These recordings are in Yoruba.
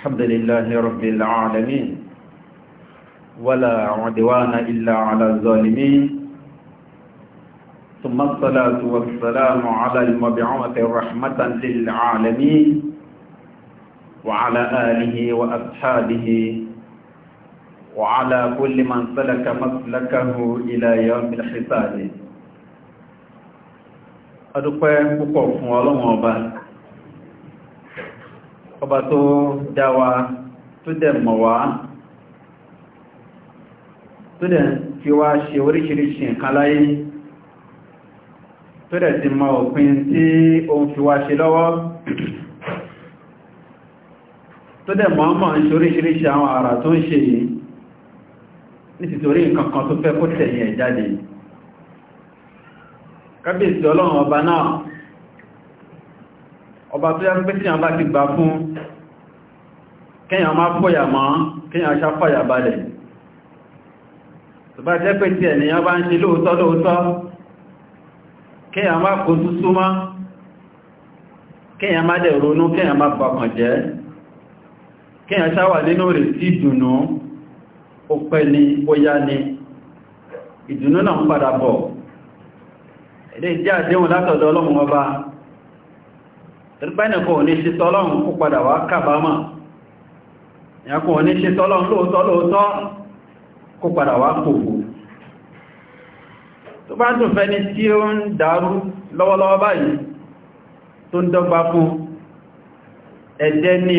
الحمد لله رب العالمين ولا عدوان إلا على الظالمين ثم الصلاة والسلام على المبعوث رحمة للعالمين وعلى آله وأصحابه وعلى كل من سلك مسلكه إلى يوم الحساب أدوكم بكم ولم أبارك ọba tó dá wa tó dẹ̀ mọ̀ wá tó dẹ̀ fi wá ṣe oríṣiríṣi nǹkan láyé tó dẹ̀ ti mọ òpin tí òun fi wá ṣe lọ́wọ́ tó dẹ̀ mọ́ mọ́ ń ṣe oríṣiríṣi àwọn àrà tó ń ṣe yìí nítorí nǹkan kan tó fẹ́ kó tẹ̀yìn ẹ̀ jáde kábíyèsí ọlọ́run ọba náà ọba tó yá pé tí a bá ti gbà fún kíyàn má fòyà mọ́ kíyàn ṣá fòyà balẹ̀ tó bá jẹ́ pé tí ènìyàn bá ń ṣe lóòótọ́ lóòótọ́ kíyàn má kó súsú mọ́ kíyàn má dẹ̀ ronú kíyàn má bàkàn jẹ́ kíyàn ṣá wà nínú rẹ̀ sí ìdùnnú ó pẹ́ ni ó yá ni ìdùnnú náà ń padà bọ̀ ilé ìjẹ́ àdéhùn látọ̀dọ̀ ọlọ́run ọba tẹ́lẹ̀bẹ́nìkan ò ní ṣe tọ́lọ́run kó padà wá kábàámọ̀ ìyàkùn ò ní ṣe tọ́lọ́run lóòótọ́ lóòótọ́ kó padà wá kòkò tó bá tún fẹ́ni tí ó ń dàrú lọ́wọ́lọ́wọ́ báyìí tó ń dọ́gba fún ẹ̀dẹ́ ní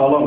àwọn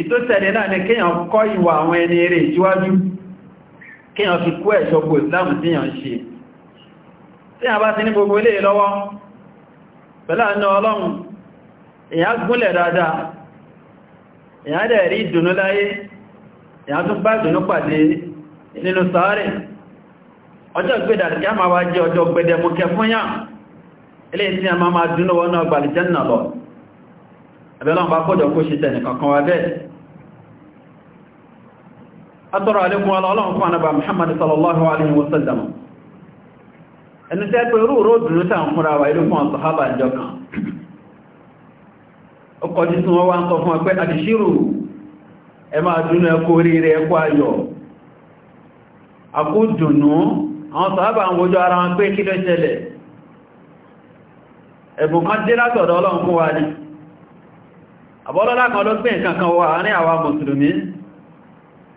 ìtò tẹ̀lé náà ni kíyàn kọ́ ìwà àwọn ẹni eré ìjíwájú kíyàn fi kú ẹ̀ṣọ́gbò ìsìláàmù tí yàn ṣe tí a bá ti ní gbogbo ilé lọ́wọ́ pẹ̀lú gúnlẹ̀ a ilé tí a máa máa dúnú wọnú ọgbàlìjẹ́ nà lọ ẹ̀bẹ̀lọ́n bá kójọ kó ṣe tẹ̀ atọ́rọ alẹ́kùn ọlọ́run fún ànàbà Muhammad sallallahu alaihi wasallam ẹni tẹ́ pé rú ró dùnú tàà fúnra wà ilé fún ọ̀sọ̀hábà kan ọkọ̀ jí tí wọ́n wá ń sọ fún ọpẹ́ àdìṣírù ẹ máa dúnú ẹkọ oríire ẹkọ ayọ̀ àkó dùnú àwọn sọ̀hábà ń wojú ara wọn pé kí ló ṣẹlẹ̀ ẹ̀bùn kan dé látọ̀dọ̀ ọlọ́run fún wa ni àbọ́lọ́lá kan ló gbé nǹkan kan wà ní àwa mùsùlùmí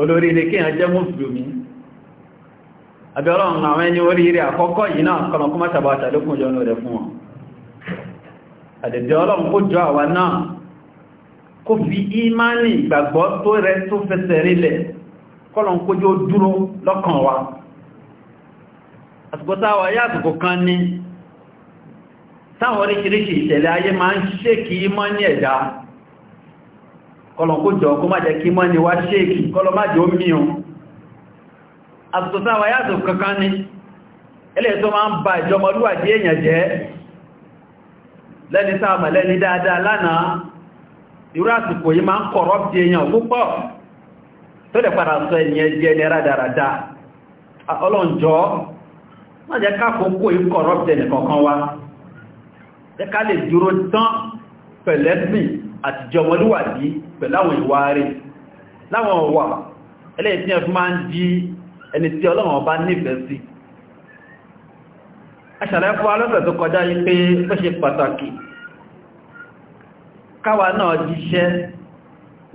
olórí ilé kí ẹn jẹ́ mùsùlùmí abẹ́rọ̀n àwọn ẹni oríire àkọ́kọ́ yìí náà kọmọkúnmọ́ sàbà àtàlókùn jọ lọ́rẹ̀ fún wọn àdẹ̀dẹ̀ ọlọ́run kó jọ àwa náà kó fi ìmánì ìgbàgbọ́ tó rẹ tó fẹsẹ̀ rílẹ̀ kọ́lọ̀n kó jọ dúró lọ́kàn wa àsìkò táwa kọlọ̀kójọ kó má jẹ́ kí mọ́ ni wá ṣéèkì kọlọ má jẹ́ ó mìíràn àtòsáwà yàtò kankan ní ilẹ̀ tó máa ń ba ìjọmọlúwàdí èèyàn jẹ́ lẹ́ni sáàmà lẹ́ni dáadáa lánàá irú àsìkò yí máa ń kọ̀rọ̀ bí èèyàn púpọ̀ tó lè padà sọ ènìyàn jẹ́ ní rádaràdá ọlọ́njọ́ má jẹ́ káàkókò yí kọ̀rọ̀ bí ẹnì wá jẹ́ ká lè dúró tán pẹ̀lẹ́sìn àtijọ́ ọmọlúwàdí pẹ̀láwọn ìwà rẹ̀ láwọn ọwà ẹlẹ́yìn tí ẹ fi máa ń di ẹni tí ọlọ́run ọba nífẹ̀ẹ́ sí aṣàlẹ́ fún alọ́fẹ̀ tó kọjá yí pé ó ṣe pàtàkì káwa náà jíṣẹ́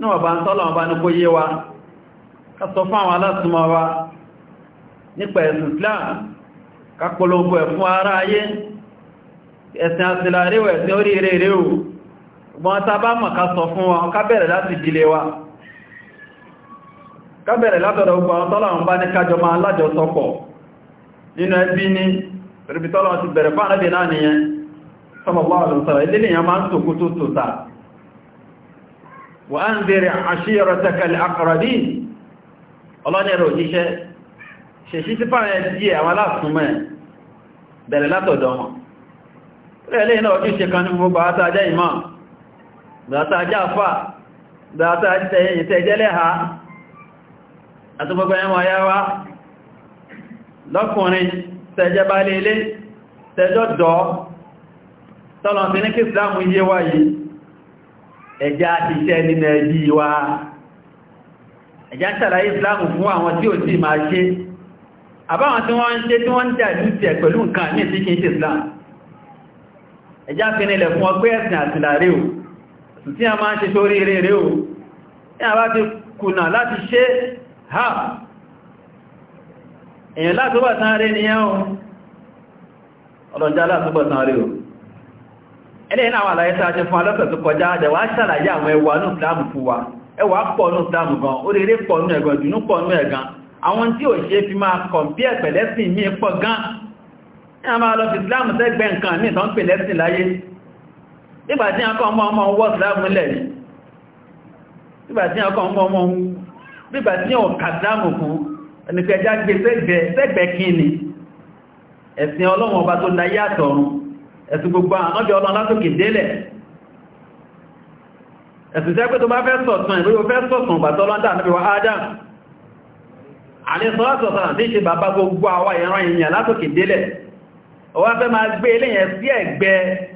náà bá ń tọ́lọ̀ bá ní kó yé wa ká sọ fún àwọn alásùmọ́ wa nípa ẹ̀sùn Islam ká polongo ẹ̀ fún ara ayé ẹ̀sìn àtìláríwẹ̀ wọn ta bá mọ̀ ká sọ fún wọn ká bẹ̀rẹ̀ láti ìdílé wa ká bẹ̀rẹ̀ látọ̀dọ̀ gbogbo àwọn tọ́lọ̀wọ̀n bá ní kájọ máa lájọ sọ́pọ̀ nínú ẹbí ní ríbi ti bẹ̀rẹ̀ fún àrẹ́bì náà nìyẹn sọ́mọ̀bá ọ̀lọ́sọ̀rọ̀ ìdílé yẹn máa ń gbàtà jáfà gbàtà ìtẹ̀jẹ́lẹ̀ ha àti gbogbo ẹmọ ya wá lọ́kùnrin tẹ́jẹ́ bá lélé tẹ́jọ́ dọ́ tọ́lọ̀tí ní kí ìsìlámù yé wá yìí ẹjá ti ṣẹ́ nínú ẹbí wa ẹjá ṣàlàyé ìsìlámù fún àwọn tí ò sí máa ṣe àbáwọn tí wọ́n ń ṣe tí wọ́n ń jà ìlú tí a máa ń ṣe sórí rere o ní àbá ti kùnà láti ṣe ha èyàn látúbọ̀tán rẹ̀ nìyẹn o ọlọ́njá látúbọ̀tán rẹ̀ o ẹlẹ́ iná àwọn àlàyé tàà ṣe fún alọ́pẹ̀ tó kọjá àjẹ̀wà ṣàlàyé àwọn ẹwà ní ìsìlámù fún wa ẹwà pọ̀ ní ìsìlámù gan oríire pọ̀ ní ẹ̀gàn jùnú pọ̀ ní ẹ̀gàn àwọn tí ò ṣe fi máa kọ̀m̀pí ẹ̀pẹ̀lẹ́sìn mí pọ̀ gan ní a máa lọ fi nígbà tí akọ́ ọmọ ọmọ wọ́ ìsìláàmù lẹ̀ nígbà tí akọ́ ọmọ ọmọ nígbà tí ọ̀ kàdámù kún ẹnìkẹjá gbé sẹ́gbẹ̀ kíni ẹ̀sìn ọlọ́run ọba tó láyé àtọ̀run ẹ̀sìn gbogbo àmọ́jọ́ ọlọ́run látòkè délẹ̀ ẹ̀sìn tẹ́ pé tó bá fẹ́ sọ̀tàn ìlú fẹ́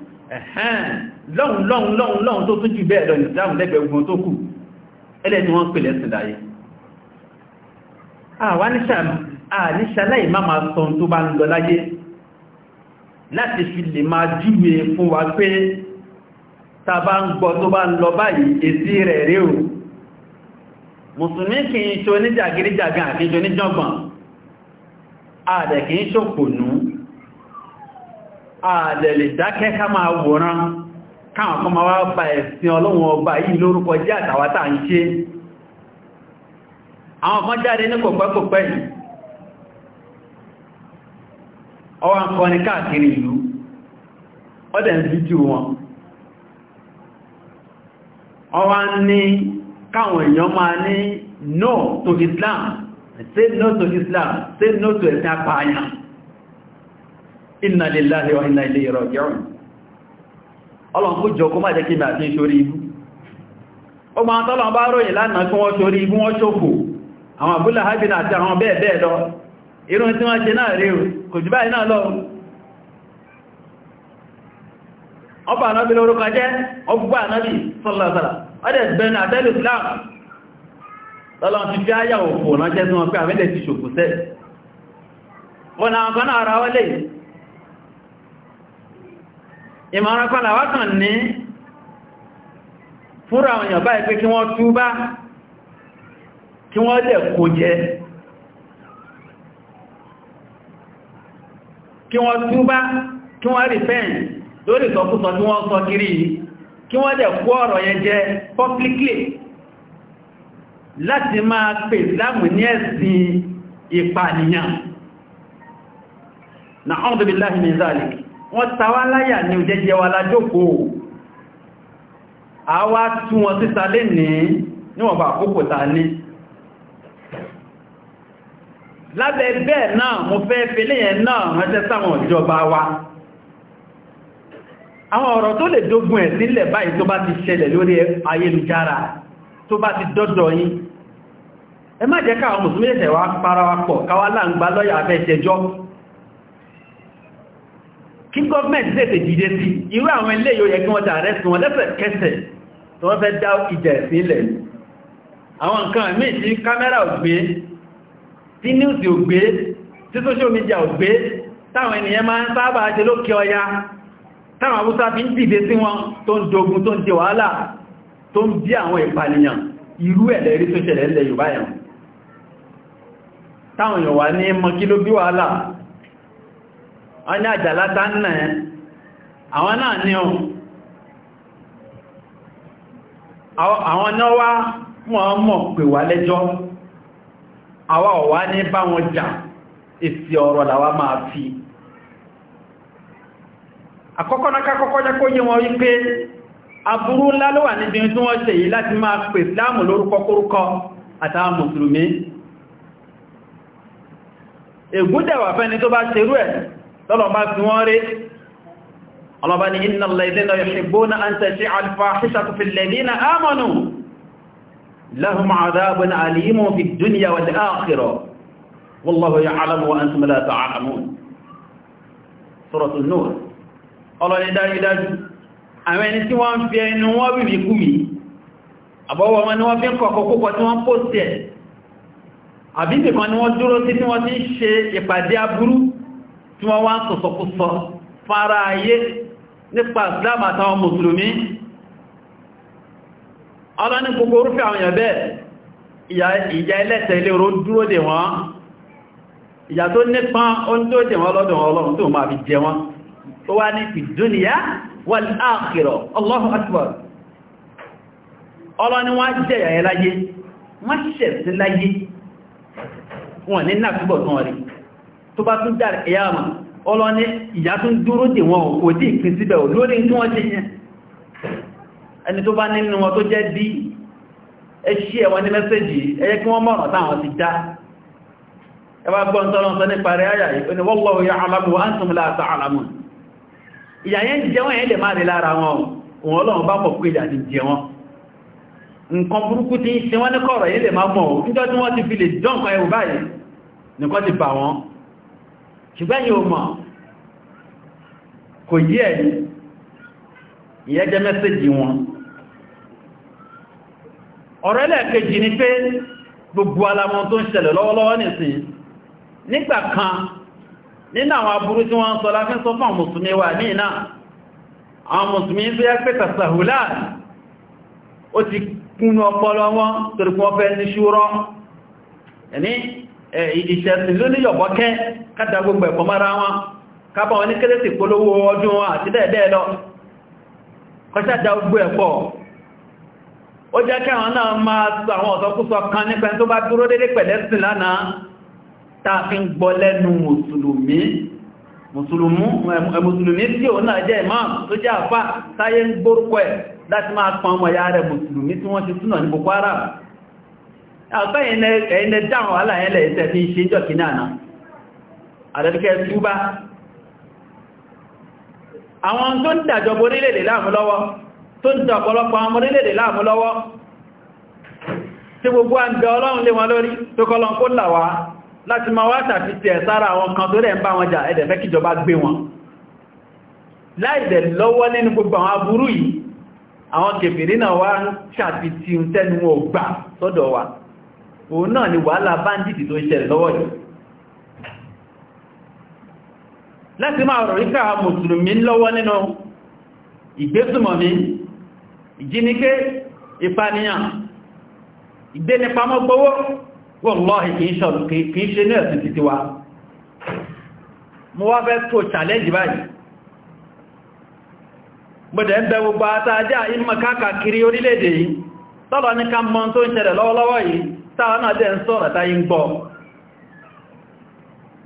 lọ́hun lọ́hun lọ́hun lọ́hun tó tún jù bẹ́ẹ̀ lọ ìsìláàmù lẹ́gbẹ̀ẹ́ ogun tó kù ẹlẹ́ni wọ́n pè lẹ́sìn láyé àwà níṣàláì má máa sọ tó bá ń lọ láyé láti fi lè máa júwe fún wa pé ta bá ń gbọ́ tó bá ń lọ báyìí èsì rẹ̀ rí o mùsùlùmí kì í ṣe oníjàgíríjàgán àti ìjọ oníjọ́gbọ̀n ààrẹ̀ kì í ṣòpònú àdẹ̀lẹ̀ dákẹ́ ká máa wòrán káwọn kan máa wá bá ẹ̀sìn ọlọ́run ọba yìí lórúkọ jẹ́ àtàwátà ń ṣe àwọn kan jáde ní kòpẹ́kòpẹ́ yìí ọwá ń kọ́ ní káàkiri ìlú ọdẹ̀ ń fíjú wọn ọwá ń ní káwọn èèyàn máa ní no to Islam say no to Islam say no to ẹ̀sìn inna lillahi wa inna ilayhi raji'un ọlọ́run kó jọ kó má jẹ́ kí mi àti ìṣorí ibú ó máa tọ́lọ̀ bá ròyìn lánàá kí wọ́n ṣorí ibú wọ́n ṣòkò àwọn àbúlà hajjina àti àwọn bẹ́ẹ̀ bẹ́ẹ̀ lọ irun tí wọ́n náà rí kò jù báyìí lọ ti ìmọ̀ràn kan làwá kàn ní fúnra àwọn èèyàn báyìí pé kí wọ́n túbá kí wọ́n lè kó jẹ kí wọ́n túbá kí wọ́n repent lórí ìsọkúsọ tí wọ́n sọ kiri kí wọ́n lè kó ọ̀rọ̀ yẹn jẹ publicly láti máa pè láàmù ní ẹ̀sìn ìpànìyàn na'udhu billahi min zalik wọ́n ta wá láyà ní òjẹ́jẹ́ wa lájókòó a wá tún wọn síta lè ní níwọ̀n bá àkókò ta ní lábẹ́ bẹ́ẹ̀ náà mo fẹ́ fẹ́lẹ̀ yẹn náà ránṣẹ́ sáwọn ìjọba wa àwọn ọ̀rọ̀ tó lè dógún ẹ̀ sílẹ̀ báyìí tó bá ti ṣẹlẹ̀ lórí ayélujára tó bá ti dọ́dọ̀ yín ẹ má jẹ́ káwọn mùsùlùmí ẹ̀ṣẹ̀ wá para wa pọ̀ káwá láǹgbá lọ́yà kí gọ́ọ̀mẹ̀ntì tètè dìde sí irú àwọn ilé yóò yẹ kí wọ́n tààrẹ sí wọn lẹ́sẹ̀kẹsẹ̀ tó wọ́n fẹ́ dá ìjà ìsílẹ̀ àwọn nǹkan míì tí kámẹ́rà ò tí níùsì ò tí social media ò gbé táwọn ènìyàn máa ń sábà ṣe lókè ọya táwọn abúsá fi ń dìde sí wọn tó ń dogun kí wọ́n ní àjàlá tá ń nà ẹ́ àwọn náà ní ọ àwọn náà wá wọ́n mọ̀ pè wá lẹ́jọ́ àwa ọ̀wá ní bá wọn jà èsì ọ̀rọ̀ làwa máa fi àkọ́kọ́ náà kọ́kọ́ jẹ́ kó yé wọn wípé aburú ńlá ló wà níbi tí wọ́n ṣe yìí láti máa pè láàmù lórúkọ kórúkọ àtàwọn mùsùlùmí ègúdẹ̀wà fẹ́ni tó bá ṣerú ẹ̀ tọ́lọ̀ bá fi wọ́n rí ọlọ́bá ni iná lẹ́dínà yuhibbuna an tashi'a al-fahishatu fil ladina amanu lahum adhabun alimun fid dunya wal akhirah wallahu ya'lamu wa antum la ta'lamun suratul nur ọlọ́ni dájúdájú àwọn ẹni tí wọ́n fi ẹnu wọ́n bìbì kú mi àbọ̀wọ̀ wọn ni wọ́n ni wọ́n dúró sí tí wọ́n ti ń ṣe ìpàdé aburú tí wọ́n wá ń sọ̀sọ̀kúsọ fara ayé nípa islam àtàwọn mùsùlùmí ọlọ́ni gbogbo orúfẹ́ àwọn èèyàn bẹ́ẹ̀ ìyà ẹlẹ́tẹ̀ ilé oró dúró dè wọ́n ìyà tó nípa ó ń dúró dè wọ́n lọ́dọ̀ ọlọ́run tó máa fi jẹ wọ́n tó wá ní ìdúnìyà tán rí tó bá tún dára ẹ̀yàmà ọlọ́ni ìyá tún dúró dè wọn kò tí ìpín síbẹ̀ ò lórí tí wọ́n ṣe yẹn ẹni tó bá nínú wọn tó jẹ́ bí ẹṣí ẹ̀wọ̀n ní mẹ́sẹ̀jì ẹyẹ kí wọ́n mọ̀ràn táwọn ti dá ẹwà gbọ́n tọ́lọ́sọ nípa rẹ̀ ayà ìpínlẹ̀ wallahu ya'lamu wa antum la ta'lamun ìyà yẹn jẹ wọ́n yẹn lè máa ní kọ̀rọ̀ ti bà wọ́n ṣùgbọ́n yóò mọ̀ kò yí ẹ̀rí ìyẹn jẹ́ mẹ́sẹ̀jì wọn ọ̀rọ̀ ẹlẹ́ẹ̀kejì ni pé gbogbo alamọ tó ń ṣẹlẹ̀ lọ́wọ́lọ́wọ́ nìsìn nígbà kan nínú àwọn aburú tí wọ́n ń sọ láfín sọ fún àwọn mùsùlùmí wà ní ìná àwọn mùsùlùmí tó yá pé tàṣàhùlá ó ti kúnnú ọpọlọ wọn torí kún ọfẹ́ ní ṣúrọ́ ẹni ìṣẹ̀sìn ló ní yọ̀bọ́kẹ́ kádà gbogbo ẹ̀kọ́ mara wọn kábọn wọn ní kérésì polówó ọdún wọn àti bẹ́ẹ̀ lọ kọ́ṣàdá gbogbo ẹ̀pọ̀ ó jẹ́ kí àwọn náà máa sọ àwọn ọ̀sọ́kúsọ kan nípa tó bá dúró dédé pẹ̀lẹ́sìn lánàá a fi ń gbọ́ lẹ́nu mùsùlùmí mùsùlùmí tí òun náà jẹ́ àdẹ́dẹ́kẹ́ túbá àwọn tó ń dàjọba orílẹ̀-èdè láàmú lọ́wọ́ tó ń dà ọ̀pọ̀lọpọ̀ àwọn orílẹ̀-èdè láàmú lọ́wọ́ tí gbogbo à ń bẹ ọlọ́run lé wọn lórí tó kọ́lọ́n kó là wá láti máa wá tàbí tẹ̀ sára àwọn kan tó rẹ̀ ń bá wọn jà ẹ̀dẹ̀ fẹ́ kíjọba gbé wọn láìdẹ̀ lọ́wọ́ nínú gbogbo àwọn aburú yìí àwọn kèfèrí náà wá ń ṣàti tí tẹ́nu wọn sọ́dọ̀ wa òun náà ni wàhálà báńdìtì tó ń ṣẹlẹ̀ lọ́wọ́ yìí láti máa rọ̀ ríkà mùsùlùmí lọ́wọ́ nínú ìgbésùmọ̀mí igbe ìpànìyàn ìgbénipamọ́ gbówó wallahi kìí ṣe ní ẹ̀sìn títí wa mo wá fẹ́ tó challenge báyìí gbọ́dẹ̀ ń bẹ gbogbo àtàjá ìmọ̀ káàkiri orílẹ̀-èdè yìí tọ́lọ ní ká mọ̀ tó ń ṣẹlẹ̀ lọ́wọ́lọ́wọ́ yìí táwọn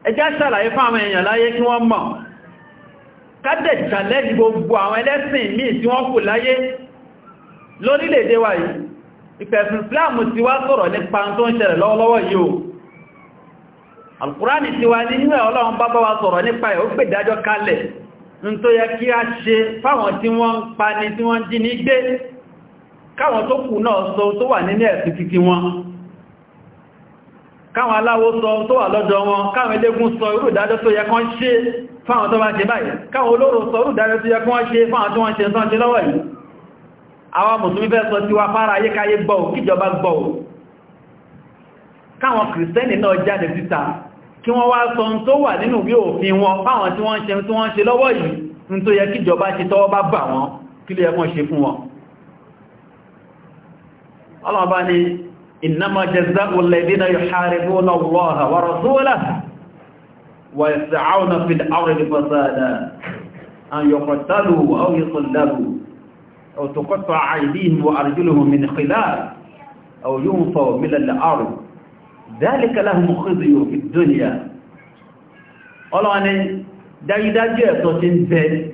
ẹjá ṣàlàyé fáwọn èèyàn láyé kí wọ́n mọ̀ kádẹ̀ challenge gbogbo àwọn ẹlẹ́sìn míì tí wọ́n kù láyé lórílẹ̀-èdè wa yìí ìfẹ̀sùn Islam ti wá sọ̀rọ̀ nípa tó ń ṣẹlẹ̀ lọ́wọ́lọ́wọ́ yìí o alkùránì ti wá ní inú ẹ̀ ọlọ́run bá bá wa sọ̀rọ̀ nípa ẹ̀ ó pè dájọ́ ni tí wọ́n káwọn aláwo sọ tó wà lọ́dọ̀ wọn káwọn elégún sọ irú tó yẹ kán ṣe fáwọn tó bá ṣe báyìí káwọn olóró sọ irú tó yẹ kán ṣe fáwọn tó wọ́n ṣe tán ṣe lọ́wọ́ yìí àwọn mùsùlùmí fẹ́ sọ tiwa fara ayékáyé gbọ́ kíjọba gbọ́ káwọn kìrìsẹ́nì náà jáde síta kí wọ́n wá sọ tó wà nínú bí òfin wọn fáwọn tí wọ́n ṣe tí wọ́n ṣe lọ́wọ́ yìí ní tó yẹ kíjọba ṣe tọ́wọ́ bá bà wọ́n kí lè ẹkùn ṣe fún wọn ọlọ́ọ̀bá ni إنما جزاء الذين يحاربون الله ورسوله ويسعون في الأرض فسادا أن يقتلوا أو يصلبوا أو تقطع عيدهم وأرجلهم من خلاف أو ينفوا من الأرض ذلك لهم خزي في الدنيا قالوا أن dájúdájú ẹ̀tọ́ ti ń bẹ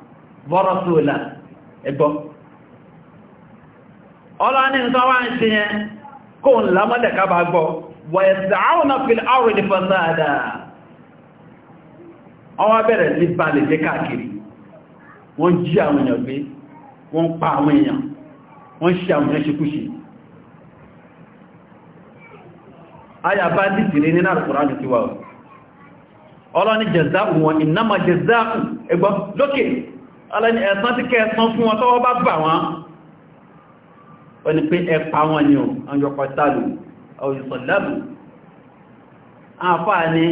bọ́rọ̀ tó ẹgbọ́ ọlọ́ ní nǹkan wá ń ṣe yẹn kó ń lámọ́lẹ̀ kábà gbọ́ wẹ̀sàáwọ̀nà fil na fasada ọwá bẹ̀rẹ̀ ní balẹ̀ jẹ́ akiri. wọ́n jí gbé wọ́n wọ́n ṣe ọlọ́ni ìnáma ẹgbọ́ lókè ọlọ́ni ẹ̀sán tí kẹsàn fún wọn tọ́wọ́ bá bà wọ́n ó ní pé ẹpa wọn ni ọjọ́pọ̀ tààlù ọ̀yọ̀sọ̀lábù àǹfààní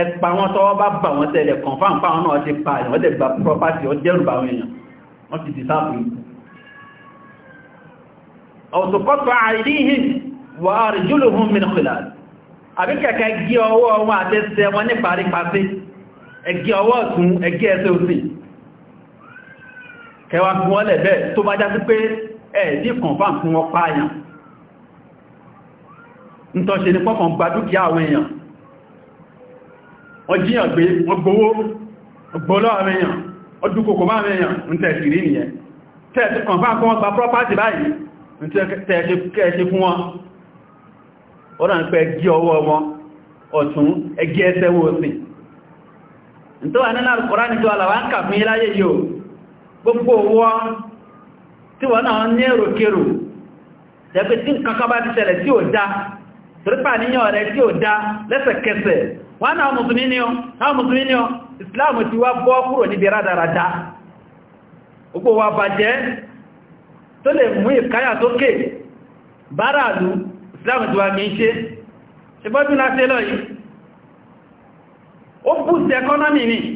ẹpa wọn tọ́wọ́ bá bà wọ́n tẹ́lẹ̀ kọ̀nfàm fáwọn náà ti pa àwọn tẹ́ gba property ọ dẹ́rù bà wọn èèyàn wọ́n ti dìsáàpù ọ̀tọ̀kọ́tọ̀ àìdíhìn wà àrìjúlùhùn min khilal àbí kẹ̀kẹ́ gí ọwọ́ wọn àtẹ́sẹ̀ wọn níparí pàṣẹ ẹgí ọwọ́ ọ̀tún ẹgí ẹsẹ̀ òsìn kẹwàá fún wọ́n lẹ̀ bẹ́ẹ̀ tó bá já sí pé ẹ̀ẹ̀dí kọ̀nfà fún wọn pààyàn ń tọ́ ṣe ní pọ́kàn gba dúkìá àwọn èèyàn wọ́n jíyàn gbé wọ́n gbowó gbọ́lọ́ àwọn èèyàn wọ́n dúkòkò bá àwọn èèyàn ń tẹ̀ sí rí nìyẹn tẹ́ẹ̀sì kọ̀nfà fún wọn gba property báyìí ń tẹ́ẹ̀ṣe fún wọn ó rà ń pẹ́ gí tó àlàwà ń kà fún iláyé yóò gbogbo owó tí wọ́n náà ní èròkèrò tẹ́bí tí kankan bá ti tí ò dá torípa níyàn rẹ̀ tí ò dá lẹ́sẹ̀kẹsẹ̀ wọ́n náà mùsùlùmí ní ọ ti wá bọ́ kúrò níbi rádaràdá gbogbo wa bàjẹ́ tó lè mú ìkáyà tókè báràlú islam ti wá ṣe ṣe bọ́jú ó bùsẹ̀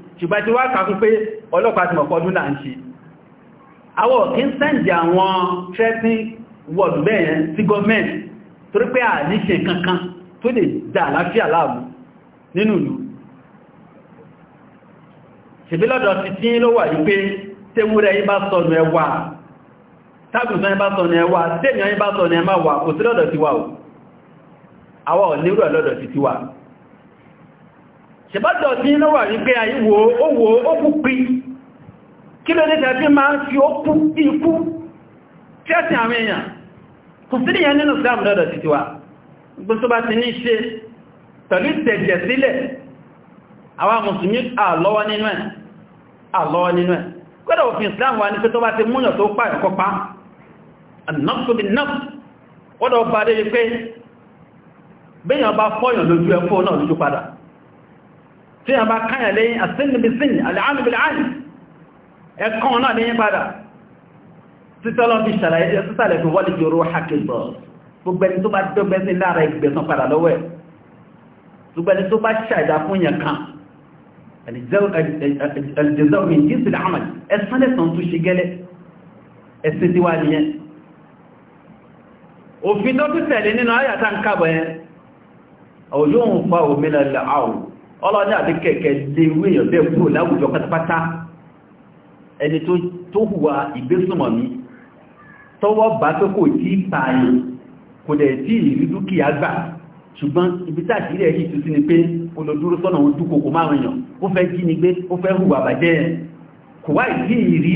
ṣùgbọ́n tí wá kàkún pé ọlọ́pàá ti mọ̀kọ́dún náà ń ṣe àwọ̀ kí ń sẹ́ǹdì àwọn threatening word bẹ́ẹ̀ sí gọ́ọ̀mẹ́ntì torí pé à ní ṣe kankan tó lè dà láfíà láàmú nínú ìlú ṣèbílọ́dọ̀ ti tí ló wà wípé tẹ́wúrẹ́ yí bá sọnù ò àwọ̀ nírò ti ti wà ṣẹ̀bátọ̀ tí iná wà rí pé àyíwò owó ókú pí kí ló nítẹ̀ fi máa ń fi ókú ikú tí àwọn èèyàn kò sí ìyẹn nínú Islam lọ́dọ̀ títí gbogbo ti ní ṣe pẹ̀lú ìtẹ̀jẹ̀ sílẹ̀ àwọn mùsùlùmí àlọ́wọ́ nínú ẹ̀ Islam bá tí a bá káyà lẹ́yìn àsínibisín aláàlùbìláàlì ẹ̀kan náà lẹ́yìn padà títọ́lọ́ bí ṣàlàyé títàlẹ̀ fi wọ́lì jòrò hakìbọ̀ gbogbẹni tó bá dọ́gbẹ́ sí lára ìgbẹ̀sán padà lọ́wẹ́ gbogbẹni tó bá ṣàìdá fún yẹn kan aljẹ́zọ́ min jíǹsì láàmàlì ẹ̀sán lẹ́sàn tó ṣe gẹ́lẹ́ ẹ̀sìn tí wá nìyẹn òfin tó tún tẹ̀lé nínú ayàtà ń kàbọ̀ yẹn òyóhùn fa òmìnira àwọn ọlọ́dá àti kẹ̀kẹ́ lè wé èèyàn bẹ́ẹ̀ kúrò láwùjọ pátápátá ẹni tó hùwà ìgbésùnmọ̀ mi tọ́wọ́ bá pé kò tí pààyàn kò dẹ̀ tí ìrí dúkìá gbà ṣùgbọ́n ibi tàṣírí ẹ̀yí tó sí ni pé olódúró sọ́nà òun dúkòkò márùn èèyàn ó fẹ́ jí ni gbé ó fẹ́ hùwà bàjẹ́ yẹn kò wá ìdí ìrí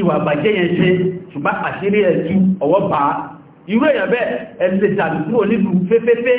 ìwà bàjẹ́ yẹn ṣe ṣùgbọ́n àṣírí ẹ̀ tú ọwọ́ bá irú èèyàn bẹ́ẹ̀ ẹ̀ lè tàbí kúrò nílùú fẹ́fẹ́fẹ́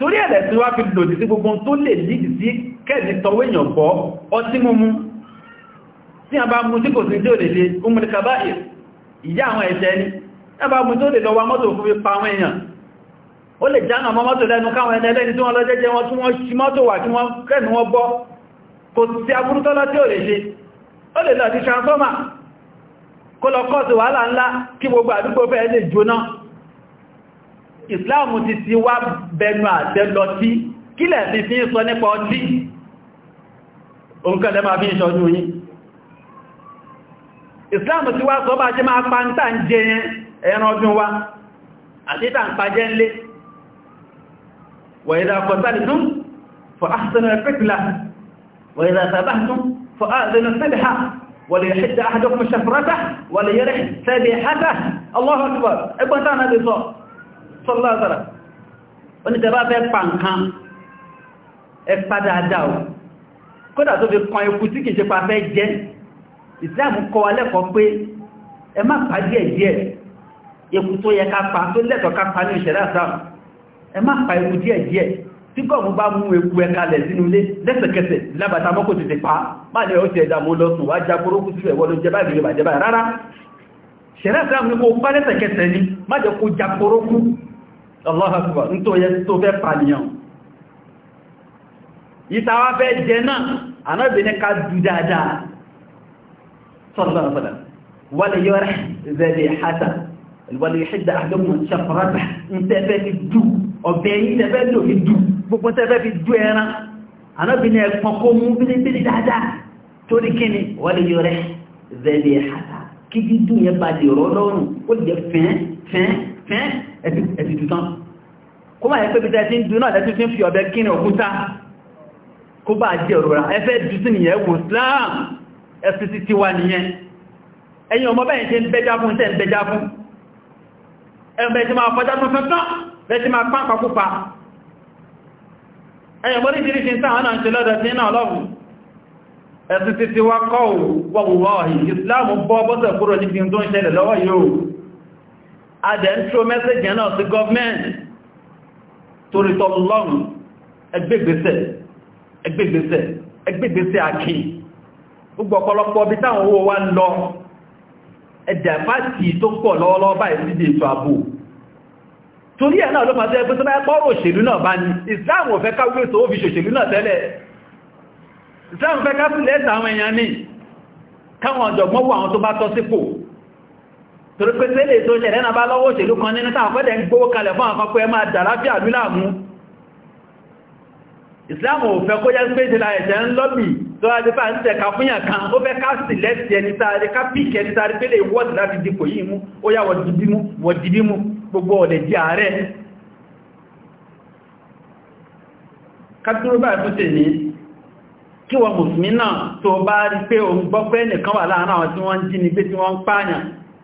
torí ẹ̀rẹ̀ tí wá fi lòdì sí gbogbo tó lè lìdì sí kẹ́ẹ̀dì tọwé èèyàn bọ́ ọtí múmú tí a bá mú tí kò sí tí ó lè lè umùlùkà báyìí ìyá àwọn ẹ̀ṣẹ̀ ni a bá mú tó lè lọ wa mọ́tò fún fi pa àwọn èèyàn ó lè jánà mọ́ mọ́tò lẹ́nu káwọn ẹni ẹlẹ́ni tí wọ́n lọ jẹ́jẹ́ wọn tí wọ́n ṣí mọ́tò wà tí wọ́n kẹ́nu wọn bọ́ kò sí aburútọ́lá tí ó lè ṣe ó lè lọ ti transformer kó lọ kọ́ọ̀tù wàhálà ńlá kí gbogbo àdúgbò fẹ́ lè jóná ìsìláàmù ti ti wá bẹnu àtẹ́ lọ tí kílẹ̀ fi fi ń sọ nípa ọtí òǹkan lẹ́mà fi ń ṣọ́jú yìí ìsìláàmù ti wá sọ bá jẹ́ máa pa ń tà ń jẹ ẹran ọdún wa àti tà ń pàjẹ́ ńlé wọ̀nyíra kọ̀tàlìtún fọ́ àṣìṣẹ́nà sọ́lọ́sọ́lá onítẹ̀bá fẹ́ pa nǹkan ẹ pa dáadáa o kódà tó fi kan ikú tí kìí ṣe pa fẹ́ jẹ́ Islam kọ́ wa lẹ́kọ̀ọ́ pé ẹ má pa díẹ̀ díẹ̀ ikú tó yẹ ká pa tó lẹ́tọ̀ọ́ ká pa ní ìṣẹ̀dá sáà ẹ má pa ikú díẹ̀ díẹ̀ tí gọ́ọ̀mù bá mú eku ẹkalẹ̀ sínú ilé lẹ́sẹ̀kẹsẹ̀ lábàtà mọ́kò ti ti pa ní ọ̀tẹ̀ ìdàmú lọ́sùn Allah akbar nítorí yẹ tó fẹ́ pàníyàn ìtawà fẹ́ jẹ náà anábì ní ká dù dáadáa sallallahu alaihi wasallam wal yurih zabihata wal yuhidda ahadukum shafrata ntẹ́fẹ́ fi dù ọ̀bẹ̀ yìí tẹ́fẹ́ lò fi dù gbogbo tẹ́fẹ́ fi dù ẹran anábì ní ẹ̀pọ̀n kó mú bílíbílí dáadáa torí kíni wal yurih zabihata kí dídú yẹn bá lè rọ́ lọ́rùn ó jẹ fẹ́ẹ́ fẹ́ẹ́ fẹ́ẹ́ ẹ̀sì tuntun kó máa yẹ pé bíta ẹ̀sì ń dun náà lẹ́tí tí ń fi ọ̀bẹ kí ní kó bá jẹ́ òrora ẹfẹ́ dùsí nìyẹn Islam ẹ̀sì ti ti wà nìyẹn ẹ̀yin ọmọ bẹ́ẹ̀ ṣe ń bẹ́já fún ṣe ń bẹ́já fún ẹ̀bẹ̀ ti máa fọjá tuntun tán bẹ́ẹ̀ ti máa pápá púpa Islam bọ́ bọ́sẹ̀ kúrò níbi tó ń ṣẹlẹ̀ adẹ̀ ń tró mẹ́sẹ̀jì náà sí gọ́ọ̀mẹ́ntì torí tọ́lọ́run ẹgbẹ́gbẹ́sẹ̀ ẹgbẹ́gbẹ́sẹ̀ ẹgbẹ́gbẹ́sẹ̀ àkí gbogbo ọ̀pọ̀lọpọ̀ bí táwọn owó wa ń lọ ẹ̀dà fásitì tó pọ̀ lọ́wọ́lọ́wọ́ báyìí sí ètò ààbò torí ẹ̀ náà ló máa tẹ́ pé tó bá pọ́rọ̀ òṣèlú náà bá ní Islam ò fẹ́ káwé tó fi ṣòṣèlú náà Islam fẹ́ káfílẹ̀ ẹ̀sà àwọn èèyàn ní káwọn ọ̀jọ̀gbọ́n wọ àwọn tó bá tọ́ torí pé tẹ́lẹ̀ tó ṣẹlẹ̀ náà bá lọ́wọ́ òṣèlú kan nínú tàà fẹ́dẹ̀ ń gbówó kalẹ̀ fún àwọn pẹ́ máa dàrá bí àdúlà mú ìsìláàmù ò fẹ́ kó yá pé ìṣẹ́lá ẹ̀ṣẹ́ ń lọ́bì tó láti bá ń tẹ̀ka fúnyà kan ó fẹ́ káàsì lẹ́sì ẹni tààrí kápíkì ẹni tààrí pé lè wọ́dì láti dìpò yìí mú ó yá wọ̀dìbí mú gbogbo ọ̀lẹ̀ kí wọ mùsùlùmí náà tó bá rí pé òun gbọ́ pé wà láàárín àwọn tí wọ́n jí ni pé tí wọ́n ń pààyàn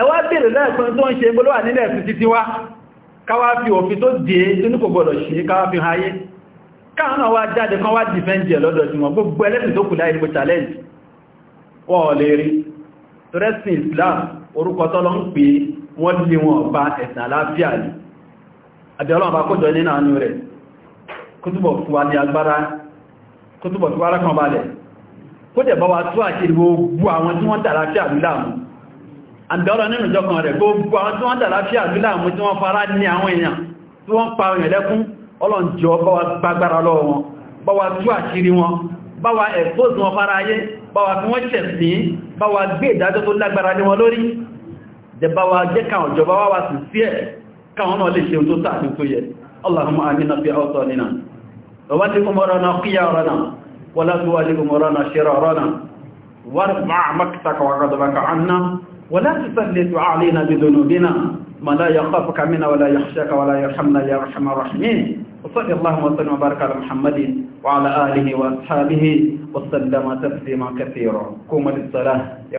ẹwà bèèrè lẹ́ẹ̀kan tó ń ṣe gbọ́lọ́ wà nílẹ̀ fi títí wá káwà fi òfin tó dìé tó ní kò gbọ́dọ̀ ṣe káwà fi hayé káwọn wá jáde kan wá dìfẹ́ndì ẹ̀ lọ́dọ̀ tí wọ́n gbogbo ẹlẹ́sìn tó kù láì ní challenge wọ́n lè rí tọ́rẹ́sìn Islam orúkọ tọ́lọ ń pè wọ́n lè wọn bá ẹ̀sìn àlàáfíà àdọ́rọ̀ nínú ìjọkan rẹ̀ gbogbo àwọn tí wọ́n dàlá fíà tó láàmú tí wọ́n fara ní àwọn èèyàn tí wọ́n pa òyìn lẹ́kún ọlọ́njọ́ báwa gbágbára lọ́wọ́ wọn báwa tú àṣírí wọn báwa ẹ̀fóòsùn wọn fara ayé báwa fi wọ́n ṣẹ̀sìn báwa gbé ìdájọ́ tó lágbára ní wọn lórí وارفع مكتك وغضبك عنا ولا تسلط علينا بذنوبنا من لا يخافك منا ولا يخشاك ولا يرحمنا يا ارحم الراحمين وصلى اللهم وسلم وبارك على محمد وعلى اله واصحابه وسلم تسليما كثيرا قوموا للصلاه